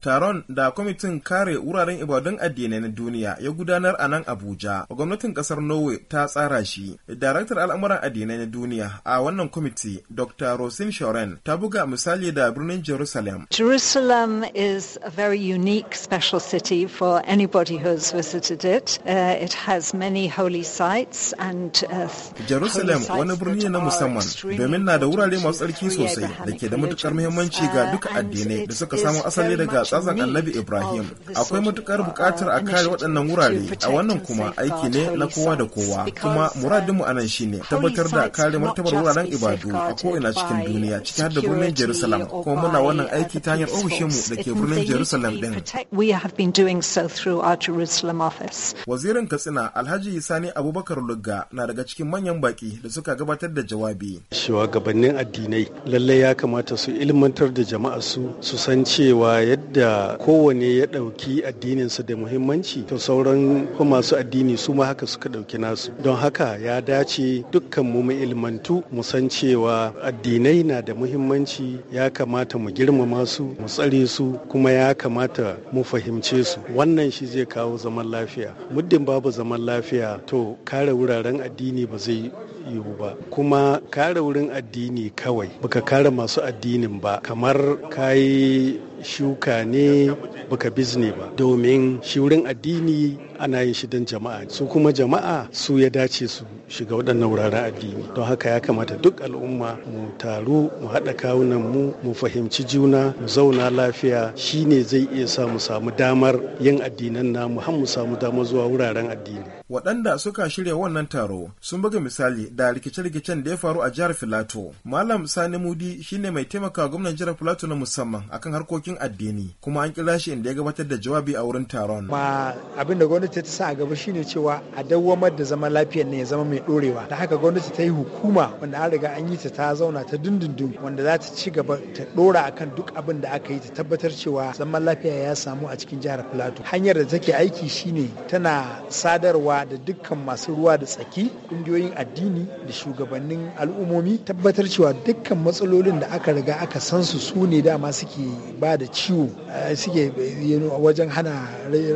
Taron da kwamitin kare wuraren ibadun addinai na duniya ya gudanar a nan Abuja, gwamnatin kasar Norway ta tsara shi. Daraktar al'amuran addinai na duniya a wannan kwamiti, Dr. Rosin Shoren, ta buga misali da birnin Jerusalem. Jerusalem is a very unique special city for anybody who has visited it. Uh, it has many holy sites and uh, Jerusalem wani birni na musamman domin na da wurare masu tsarki sosai da ke da matukar muhimmanci ga duka addinai da suka samu asali daga tsatsan annabi Ibrahim. Akwai matukar buƙatar a kare waɗannan wurare, a wannan kuma aiki ne na kowa da kowa. Kuma uh, muradinmu a nan shine tabbatar da kare martabar wuraren ibadu a ko'ina cikin duniya, ciki har da birnin Jerusalem. Kuma muna wannan aiki ta hanyar ofishinmu da ke birnin Jerusalem ɗin. Wazirin Katsina Alhaji Sani Abubakar Lugga na daga cikin manyan baki da suka gabatar da jawabi. Shugabannin addinai lallai ya kamata su ilmantar da jama'a su su san cewa yadda da kowane ya ɗauki addininsa da muhimmanci to sauran masu addini su ma haka suka ɗauki nasu don haka ya dace dukkan mu mu ilmantu mu san cewa addinai na da muhimmanci ya kamata mu girmama su mu tsare su kuma ya kamata mu fahimce su wannan shi zai kawo zaman lafiya muddin babu zaman lafiya to kare wuraren addini ba zai yiwu ba kuma kare wurin addini kawai baka kare masu addinin ba kamar kayi shuka ne baka bizne ba domin shi wurin addini ana yin shi don jama'a su kuma jama'a su ya dace su shiga waɗannan wuraren addini don haka ya kamata duk al'umma mu taru mu haɗa kawunan mu mu fahimci juna mu zauna lafiya shine zai iya sa mu samu damar yin addinan namu har mu samu damar zuwa wuraren addini waɗanda suka shirya wannan taro sun buga misali da rikice-rikicen da ya faru a jihar filato malam sani mudi shine mai taimaka gwamnan jihar filato na musamman akan harkokin addini kuma an kira shi inda ya gabatar da jawabi a wurin taron ma abin da gwamnati ta sa a gaba shine cewa a dawwamar da zaman lafiyar ne ya zama mai ɗorewa da haka gwamnati ta yi hukuma wanda an riga an yi ta ta zauna ta dindindin wanda za ta ci gaba ta ɗora akan duk abin da aka yi ta tabbatar cewa zaman lafiya ya samu a cikin jihar filato hanyar da take aiki shine tana sadarwa da dukkan masu ruwa da tsaki ƙungiyoyin addini da shugabannin al'ummomi tabbatar cewa dukkan matsalolin da aka riga aka san su su ne dama suke ba da ciwo eh, suke wajen hana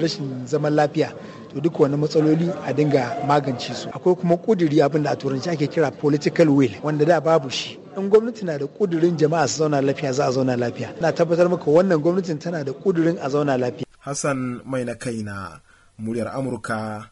rashin zaman lafiya to duk wani matsaloli a dinga magance su akwai kuma kuduri abin da a turanci ake kira political will wanda da babu shi in gwamnati na da kudurin jama'a su zauna lafiya za a zauna lafiya na tabbatar maka wannan gwamnatin tana da kudurin a zauna lafiya hassan mai na kaina muryar amurka